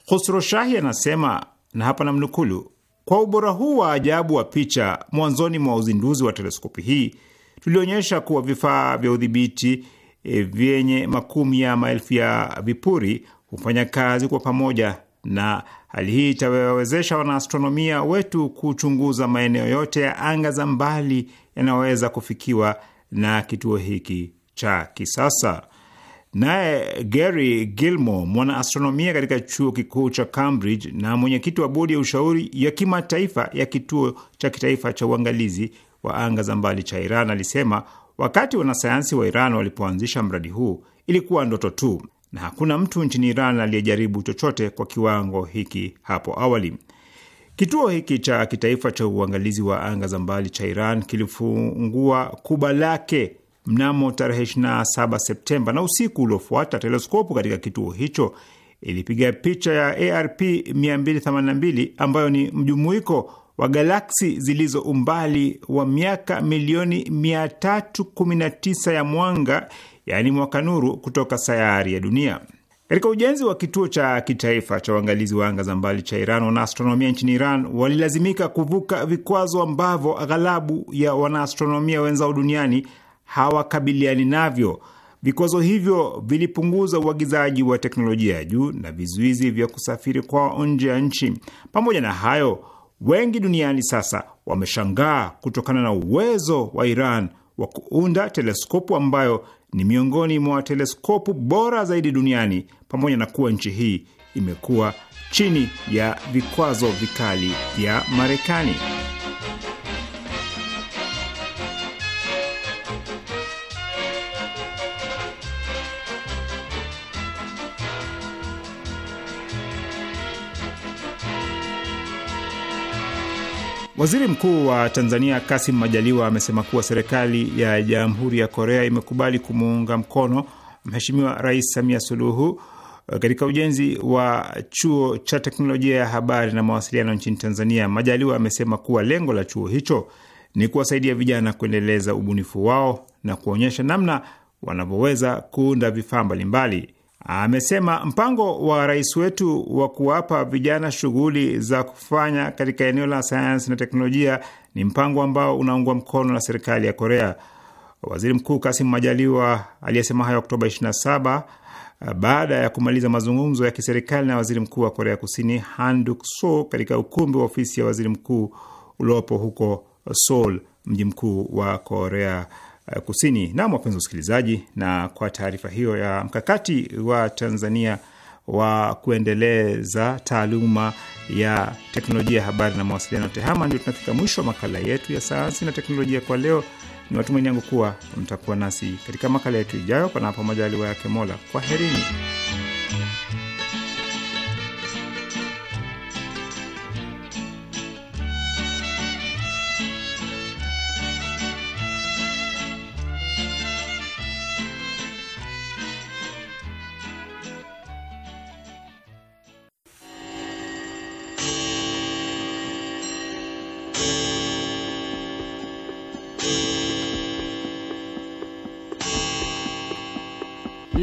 Khusro Shahi anasema na hapa namnukulu: kwa ubora huu wa ajabu wa picha, mwanzoni mwa uzinduzi wa teleskopi hii tulionyesha kuwa vifaa vya udhibiti e, vyenye makumi ya maelfu ya vipuri hufanya kazi kwa pamoja, na hali hii itawawezesha wanaastronomia wetu kuchunguza maeneo yote ya anga za mbali yanayoweza kufikiwa na kituo hiki cha kisasa. Naye Gary Gilmore, mwanaastronomia katika chuo kikuu cha Cambridge na mwenyekiti wa bodi ya ushauri ya kimataifa ya kituo cha kitaifa cha uangalizi wa anga za mbali cha Iran, alisema wakati wanasayansi wa Iran walipoanzisha mradi huu ilikuwa ndoto tu, na hakuna mtu nchini Iran aliyejaribu chochote kwa kiwango hiki hapo awali. Kituo hiki cha kitaifa cha uangalizi wa anga za mbali cha Iran kilifungua kuba lake mnamo tarehe 27 Septemba, na usiku uliofuata teleskopu katika kituo hicho ilipiga picha ya ARP 282 ambayo ni mjumuiko wa galaksi zilizo umbali wa miaka milioni 319 ya mwanga, yaani mwaka nuru, kutoka sayari ya dunia. Katika ujenzi wa kituo cha kitaifa cha uangalizi wa anga za mbali cha Iran, wanaastronomia nchini Iran walilazimika kuvuka vikwazo ambavyo aghalabu ya wanaastronomia wenzao duniani hawakabiliani navyo. Vikwazo hivyo vilipunguza uagizaji wa teknolojia ya juu na vizuizi vya kusafiri kwa nje ya nchi. Pamoja na hayo, wengi duniani sasa wameshangaa kutokana na uwezo wa Iran wa kuunda teleskopu ambayo ni miongoni mwa teleskopu bora zaidi duniani, pamoja na kuwa nchi hii imekuwa chini ya vikwazo vikali vya Marekani. Waziri Mkuu wa Tanzania Kasim Majaliwa amesema kuwa serikali ya Jamhuri ya Korea imekubali kumuunga mkono Mheshimiwa Rais Samia Suluhu eh, katika ujenzi wa chuo cha teknolojia ya habari na mawasiliano nchini Tanzania. Majaliwa amesema kuwa lengo la chuo hicho ni kuwasaidia vijana kuendeleza ubunifu wao na kuonyesha namna wanavyoweza kuunda vifaa mbalimbali amesema mpango wa rais wetu wa kuwapa vijana shughuli za kufanya katika eneo la sayansi na teknolojia ni mpango ambao unaungwa mkono na serikali ya Korea. Waziri Mkuu Kasim Majaliwa aliyesema hayo Oktoba 27 baada ya kumaliza mazungumzo ya kiserikali na waziri mkuu wa Korea Kusini Han duck katika ukumbi wa ofisi ya waziri mkuu uliopo huko Seoul, mji mkuu wa Korea Eh, kusini. Naam, wapenzi wasikilizaji, na kwa taarifa hiyo ya mkakati wa Tanzania wa kuendeleza taaluma ya teknolojia ya habari na mawasiliano TEHAMA, ndio tunafika mwisho wa makala yetu ya sayansi na teknolojia kwa leo. Ni matumaini yangu kuwa mtakuwa nasi katika makala yetu ijayo, panapo majaliwa yake Mola. Kwaherini.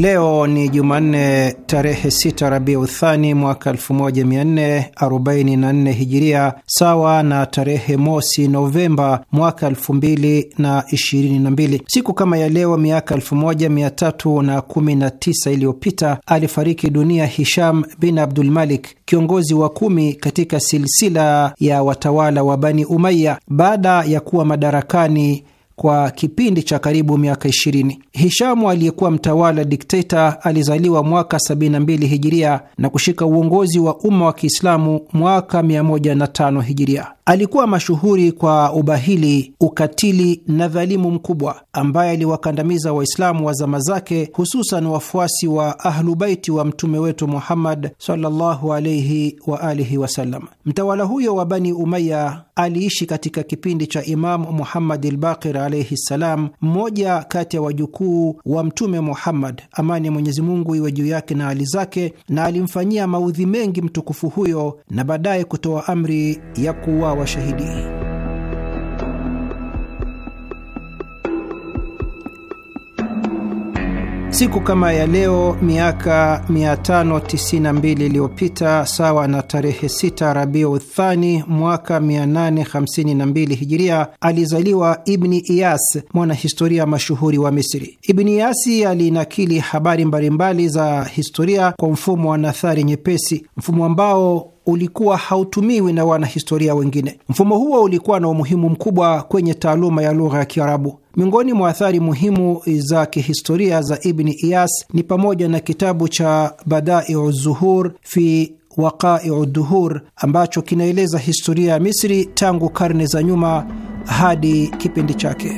Leo ni Jumanne tarehe 6 Rabiu Thani mwaka 1444 Hijiria, sawa na tarehe mosi Novemba mwaka 2022. Siku kama ya leo miaka 1319 iliyopita alifariki dunia Hisham bin Abdul Malik, kiongozi wa kumi katika silsila ya watawala wa Bani Umaya baada ya kuwa madarakani kwa kipindi cha karibu miaka 20. Hishamu aliyekuwa mtawala dikteta alizaliwa mwaka 72 hijiria na kushika uongozi wa umma wa Kiislamu mwaka 105 hijiria. Alikuwa mashuhuri kwa ubahili, ukatili na dhalimu mkubwa, ambaye aliwakandamiza Waislamu wa zama zake, hususan wafuasi wa Ahlubaiti wa mtume wetu Muhammad sallallahu alaihi wa alihi wasallam. Mtawala huyo wa Bani Umaya aliishi katika kipindi cha Imamu Muhammad Albakir alaihi ssalam, mmoja kati ya wajukuu wa Mtume Muhammad, amani ya Mwenyezi Mungu iwe juu yake na hali zake, na alimfanyia maudhi mengi mtukufu huyo na baadaye kutoa amri ya kuwa wa shahidi. Siku kama ya leo miaka 592 iliyopita sawa na tarehe 6 Rabiu Thani mwaka 852 Hijiria, alizaliwa Ibni Iyas, mwanahistoria mashuhuri wa Misri. Ibni Iyasi alinakili habari mbalimbali za historia kwa mfumo wa nathari nyepesi, mfumo ambao ulikuwa hautumiwi na wanahistoria wengine. Mfumo huo ulikuwa na umuhimu mkubwa kwenye taaluma ya lugha ya Kiarabu. Miongoni mwa athari muhimu za kihistoria za Ibni Iyas ni pamoja na kitabu cha Badaiu Zuhur fi Waqaiu Duhur ambacho kinaeleza historia ya Misri tangu karne za nyuma hadi kipindi chake.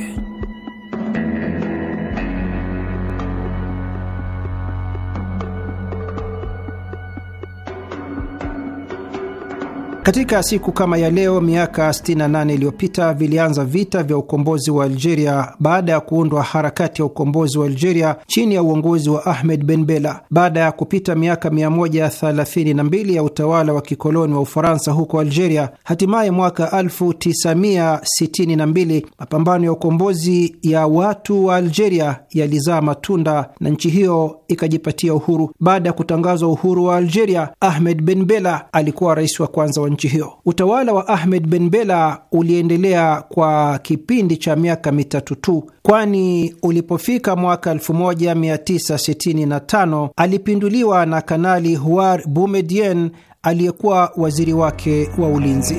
Katika siku kama ya leo miaka 68 iliyopita vilianza vita vya ukombozi wa Algeria baada ya kuundwa harakati ya ukombozi wa Algeria chini ya uongozi wa Ahmed Ben Bella. Baada ya kupita miaka 132 ya utawala wa kikoloni wa Ufaransa huko Algeria, hatimaye mwaka 1962 mapambano ya ukombozi ya watu wa Algeria yalizaa matunda na nchi hiyo ikajipatia uhuru. Baada ya kutangazwa uhuru wa Algeria, Ahmed Ben Bella alikuwa rais wa kwanza wa nchi hiyo. Utawala wa Ahmed Ben Bella uliendelea kwa kipindi cha miaka mitatu tu, kwani ulipofika mwaka 1965 alipinduliwa na Kanali Houari Boumediene aliyekuwa waziri wake wa ulinzi.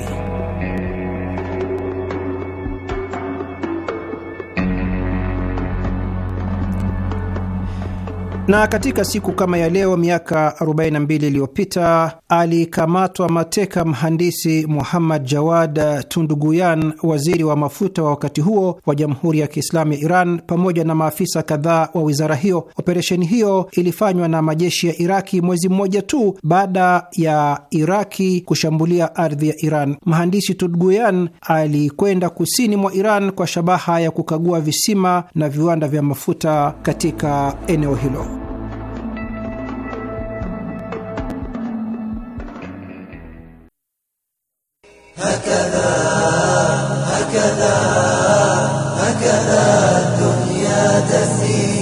Na katika siku kama ya leo miaka 42 iliyopita alikamatwa mateka mhandisi Muhammad Jawad Tunduguyan, waziri wa mafuta wa wakati huo wa Jamhuri ya Kiislamu ya Iran, pamoja na maafisa kadhaa wa wizara hiyo. Operesheni hiyo ilifanywa na majeshi ya Iraki mwezi mmoja tu baada ya Iraki kushambulia ardhi ya Iran. Mhandisi Tunduguyan alikwenda kusini mwa Iran kwa shabaha ya kukagua visima na viwanda vya mafuta katika eneo hilo. هكذا هكذا هكذا الدنيا تسير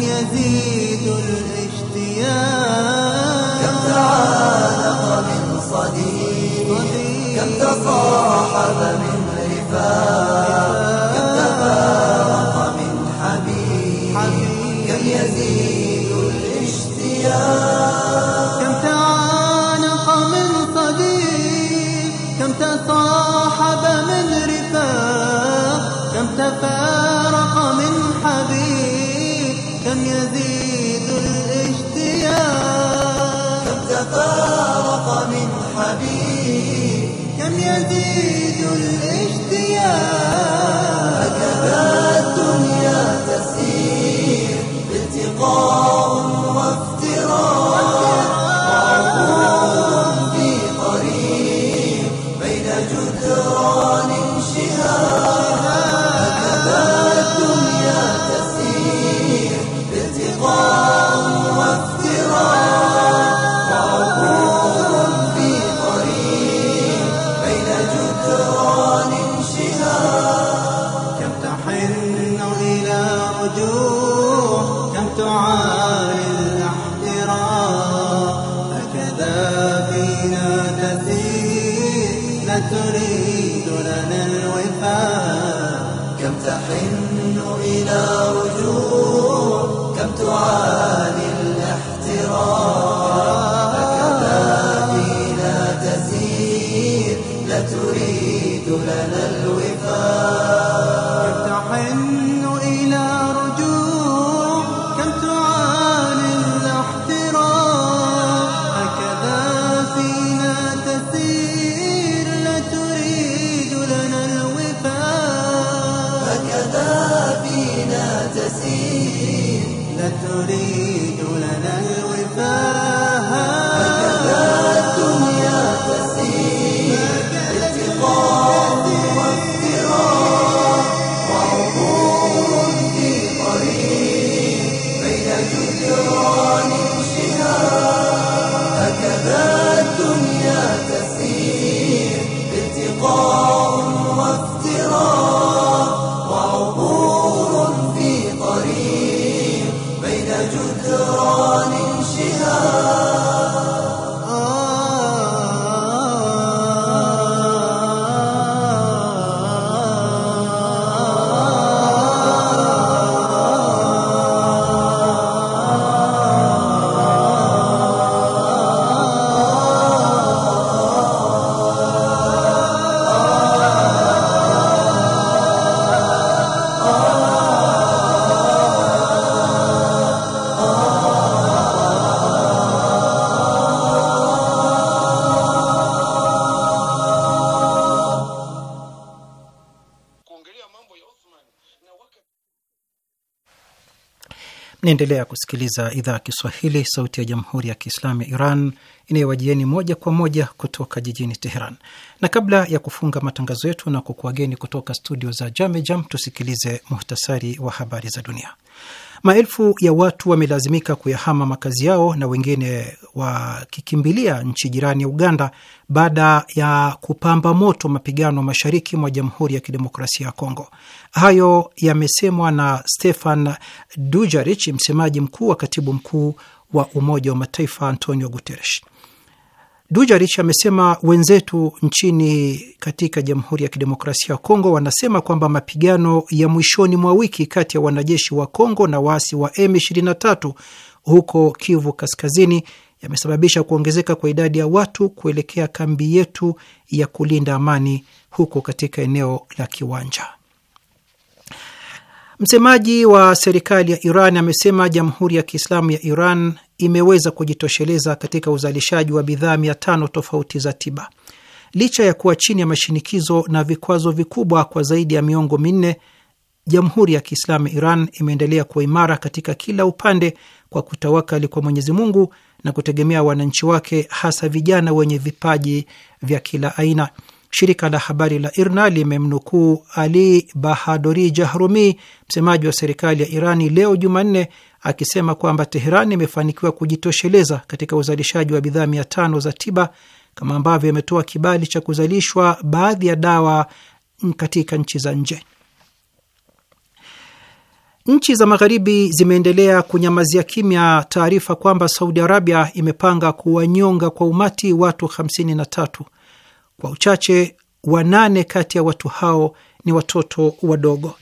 يذيب Naendelea kusikiliza idhaa ya Kiswahili, sauti ya jamhuri ya kiislamu ya Iran inayowajieni moja kwa moja kutoka jijini Teheran. Na kabla ya kufunga matangazo yetu na kukuageni kutoka studio za Jamejam, tusikilize muhtasari wa habari za dunia. Maelfu ya watu wamelazimika kuyahama makazi yao na wengine wakikimbilia nchi jirani ya Uganda baada ya kupamba moto mapigano mashariki mwa Jamhuri ya Kidemokrasia ya Kongo. Hayo yamesemwa na Stefan Dujarric, msemaji mkuu wa katibu mkuu wa Umoja wa Mataifa Antonio Guterres. Dujarric amesema wenzetu nchini katika Jamhuri ya Kidemokrasia ya Kongo wanasema kwamba mapigano ya mwishoni mwa wiki kati ya wanajeshi wa Kongo na waasi wa M23 huko Kivu Kaskazini yamesababisha kuongezeka kwa idadi ya watu kuelekea kambi yetu ya kulinda amani huko katika eneo la Kiwanja. Msemaji wa serikali ya Iran amesema Jamhuri ya Kiislamu ya Iran imeweza kujitosheleza katika uzalishaji wa bidhaa mia tano tofauti za tiba licha ya kuwa chini ya mashinikizo na vikwazo vikubwa kwa zaidi ya miongo minne. Jamhuri ya Kiislamu ya Iran imeendelea kuwa imara katika kila upande kwa kutawakali kwa Mwenyezi Mungu na kutegemea wananchi wake, hasa vijana wenye vipaji vya kila aina. Shirika la habari la IRNA limemnukuu Ali Bahadori Jahrumi, msemaji wa serikali ya Irani, leo Jumanne akisema kwamba Teheran imefanikiwa kujitosheleza katika uzalishaji wa bidhaa mia tano za tiba kama ambavyo imetoa kibali cha kuzalishwa baadhi ya dawa katika nchi za nje. Nchi za Magharibi zimeendelea kunyamazia kimya taarifa kwamba Saudi Arabia imepanga kuwanyonga kwa umati watu 53 kwa uchache wanane kati ya watu hao ni watoto wadogo.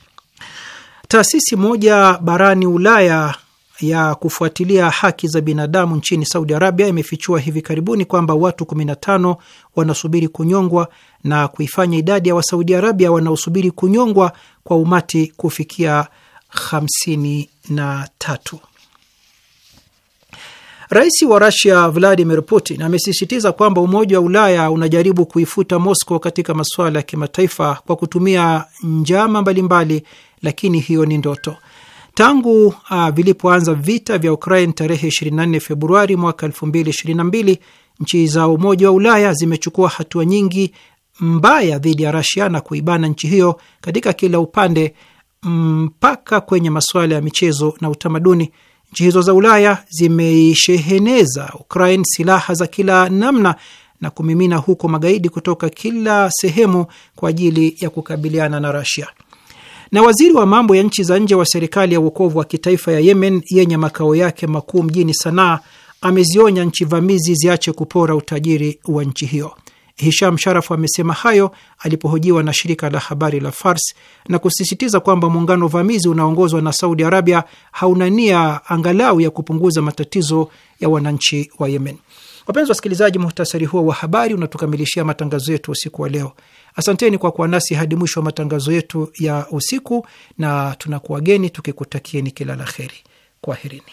Taasisi moja barani Ulaya ya kufuatilia haki za binadamu nchini Saudi Arabia imefichua hivi karibuni kwamba watu 15 wanasubiri kunyongwa na kuifanya idadi ya Wasaudi Arabia wanaosubiri kunyongwa kwa umati kufikia 53. Rais wa Rusia Vladimir Putin amesisitiza kwamba Umoja wa Ulaya unajaribu kuifuta Moscow katika masuala ya kimataifa kwa kutumia njama mbalimbali mbali, lakini hiyo ni ndoto. Tangu uh, vilipoanza vita vya Ukraine tarehe 24 Februari mwaka 2022 nchi za Umoja wa Ulaya zimechukua hatua nyingi mbaya dhidi ya rasia na kuibana nchi hiyo katika kila upande mpaka kwenye masuala ya michezo na utamaduni. Nchi hizo za Ulaya zimeisheheneza Ukraine silaha za kila namna na kumimina huko magaidi kutoka kila sehemu kwa ajili ya kukabiliana na Russia. Na waziri wa mambo ya nchi za nje wa serikali ya uokovu wa kitaifa ya Yemen yenye makao yake makuu mjini Sanaa amezionya nchi vamizi ziache kupora utajiri wa nchi hiyo. Hisham Sharafu amesema hayo alipohojiwa na shirika la habari la Fars na kusisitiza kwamba muungano uvamizi unaongozwa na Saudi Arabia hauna nia angalau ya kupunguza matatizo ya wananchi wa Yemen. Wapenzi wasikilizaji, muhtasari huo wa habari unatukamilishia matangazo yetu usiku wa leo. Asanteni kwa kuwa nasi hadi mwisho wa matangazo yetu ya usiku, na tunakuwageni tukikutakieni kila la heri. Kwaherini.